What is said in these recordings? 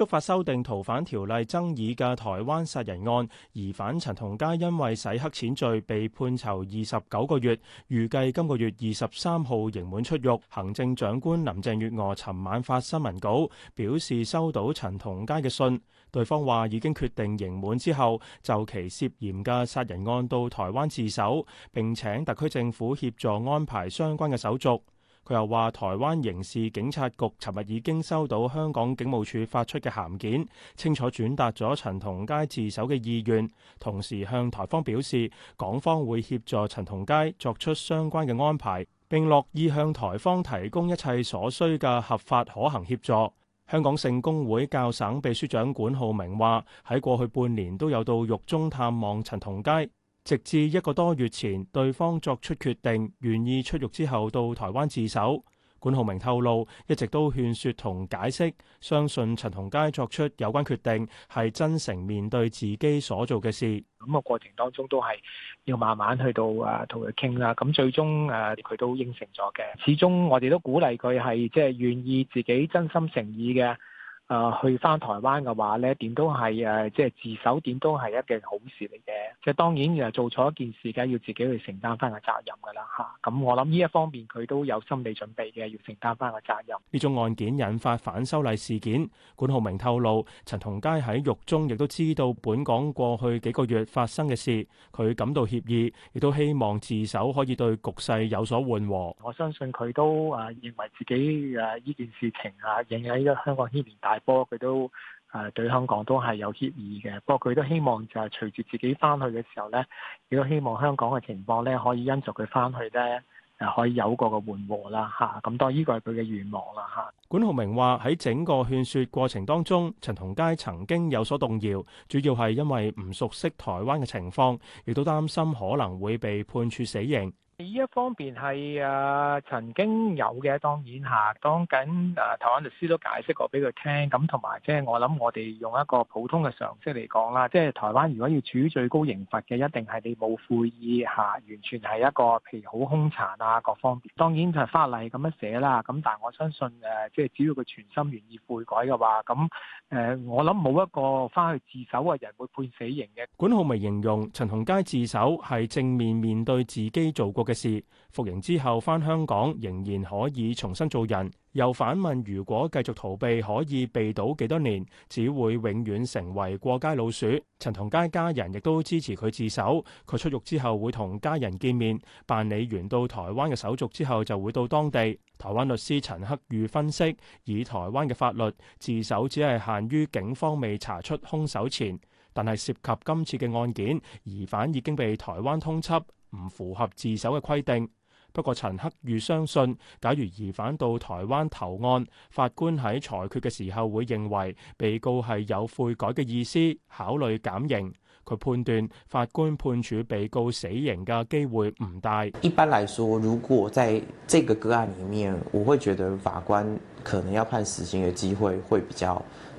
觸發修訂逃犯條例爭議嘅台灣殺人案，疑犯陳同佳因為洗黑錢罪被判囚二十九個月，預計今個月二十三號刑滿出獄。行政長官林鄭月娥尋晚發新聞稿，表示收到陳同佳嘅信，對方話已經決定刑滿之後就其涉嫌嘅殺人案到台灣自首，並請特區政府協助安排相關嘅手續。佢又話：台灣刑事警察局尋日已經收到香港警務處發出嘅函件，清楚轉達咗陳同佳自首嘅意願，同時向台方表示，港方會協助陳同佳作出相關嘅安排，並樂意向台方提供一切所需嘅合法可行協助。香港聖公會教省秘書長管浩鳴話：喺過去半年都有到獄中探望陳同佳。直至一個多月前，對方作出決定，願意出獄之後到台灣自首。管浩鳴透露，一直都勸説同解釋，相信陳同佳作出有關決定係真誠面對自己所做嘅事。咁個過程當中都係要慢慢去到啊，同佢傾啦。咁最終誒佢都應承咗嘅。始終我哋都鼓勵佢係即係願意自己真心誠意嘅。誒去翻台灣嘅話呢點都係即係自首，點都係一件好事嚟嘅。即係當然，做錯一件事，梗係要自己去承擔翻個責任㗎啦嚇。咁我諗呢一方面佢都有心理準備嘅，要承擔翻個責任。呢種案件引發反修例事件，管浩鳴透露，陳同佳喺獄中亦都知道本港過去幾個月發生嘅事，佢感到歉意，亦都希望自首可以對局勢有所緩和。我相信佢都誒認為自己誒呢件事情啊，影響香港呢年大。不過佢都誒對香港都係有歉意嘅。不過佢都希望就係隨住自己翻去嘅時候呢，亦都希望香港嘅情況呢，可以因隨佢翻去呢，誒可以有個嘅緩和啦嚇。咁當然呢個係佢嘅願望啦嚇。管浩鳴話喺整個勸説過程當中，陳同佳曾經有所動搖，主要係因為唔熟悉台灣嘅情況，亦都擔心可能會被判處死刑。呢一方面係啊曾經有嘅，當然嚇、啊。當緊啊台灣律師都解釋過俾佢聽，咁同埋即係我諗，我哋用一個普通嘅常識嚟講啦，即係台灣如果要處於最高刑罰嘅，一定係你冇悔意嚇、啊，完全係一個譬如好凶殘啊各方面。當然就係法例咁樣寫啦。咁、啊、但我相信誒，即、啊、係只要佢全心願意悔改嘅話，咁、啊、誒我諗冇一個返去自首嘅人會判死刑嘅。管浩鳴形容陳同佳自首係正面面對自己做過嘅事，服刑之後翻香港仍然可以重新做人。又反問，如果繼續逃避，可以避到幾多年？只會永遠成為過街老鼠。陳同佳家人亦都支持佢自首。佢出獄之後會同家人見面，辦理完到台灣嘅手續之後就會到當地。台灣律師陳克裕分析，以台灣嘅法律，自首只係限於警方未查出凶手前，但係涉及今次嘅案件，疑犯已經被台灣通緝，唔符合自首嘅規定。不過陳克裕相信，假如疑犯到台灣投案，法官喺裁決嘅時候會認為被告係有悔改嘅意思，考慮減刑。佢判斷法官判處被告死刑嘅機會唔大。一般來說，如果在這個個案裏面，我會覺得法官可能要判死刑嘅機會會比較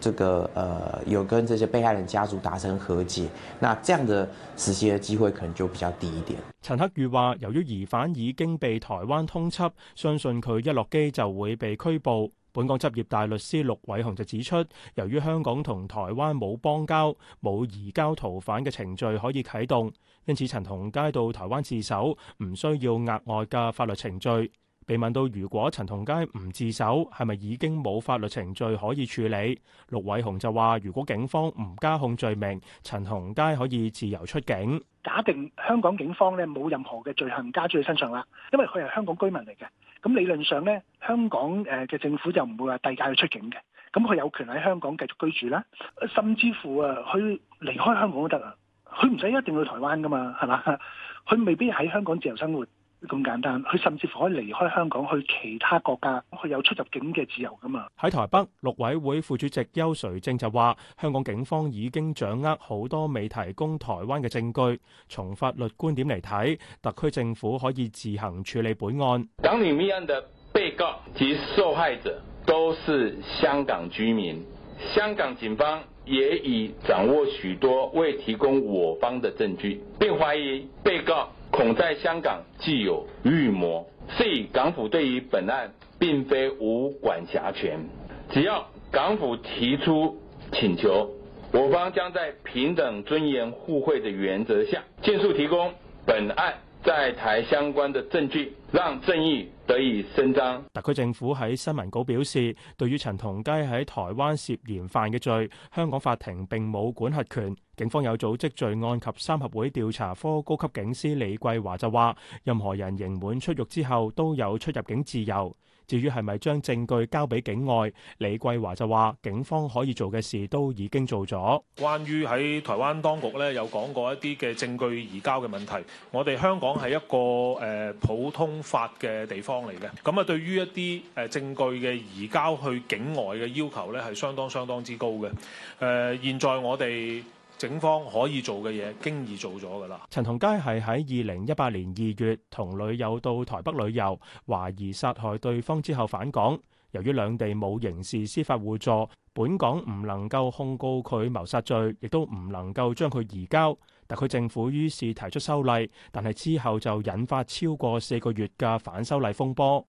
這個呃有跟這些被害人家族達成和解，那這樣的死刑嘅機會可能就比較低一點。陳克宇話，由於疑犯已經被台灣通緝，相信佢一落機就會被拘捕。本港執業大律師陸偉雄就指出，由於香港同台灣冇邦交，冇移交逃犯嘅程序可以啟動，因此陳同佳到台灣自首，唔需要額外嘅法律程序。被問到如果陳同佳唔自首，係咪已經冇法律程序可以處理？陸偉雄就話：如果警方唔加控罪名，陳同佳可以自由出境。假定香港警方咧冇任何嘅罪行加諸佢身上啦，因為佢係香港居民嚟嘅。咁理論上咧，香港嘅政府就唔會話遞解佢出境嘅。咁佢有權喺香港繼續居住啦，甚至乎啊，佢離開香港都得啊。佢唔使一定去台灣噶嘛，係嘛？佢未必喺香港自由生活。咁簡單，佢甚至乎可以離開香港去其他國家，佢有出入境嘅自由㗎嘛？喺台北，陸委會副主席邱垂正就話：香港警方已經掌握好多未提供台灣嘅證據。從法律觀點嚟睇，特區政府可以自行處理本案。港女命案的被告及受害者都是香港居民，香港警方也已掌握許多未提供我方的證據，並懷疑被告恐在香港既有預謀，所以港府對於本案並非無管轄權。只要港府提出請求，我方將在平等、尊嚴、互惠的原則下，盡速提供本案在台相關的證據，讓正義。得以伸張。特區政府喺新聞稿表示，對於陳同佳喺台灣涉嫌犯嘅罪，香港法庭並冇管轄權。警方有組織罪案及三合會調查科高級警司李桂華就話：任何人刑滿出獄之後都有出入境自由。至於係咪將證據交俾境外，李桂華就話：警方可以做嘅事都已經做咗。關於喺台灣當局呢，有講過一啲嘅證據移交嘅問題，我哋香港係一個、呃、普通法嘅地方。嚟嘅咁啊，對於一啲誒證據嘅移交去境外嘅要求咧，係相當相當之高嘅。誒、呃，現在我哋警方可以做嘅嘢，經已做咗㗎啦。陳同佳係喺二零一八年二月同女友到台北旅遊，懷疑殺害對方之後返港。由於兩地冇刑事司法互助，本港唔能夠控告佢謀殺罪，亦都唔能夠將佢移交。特區政府於是提出修例，但係之後就引發超過四個月嘅反修例風波。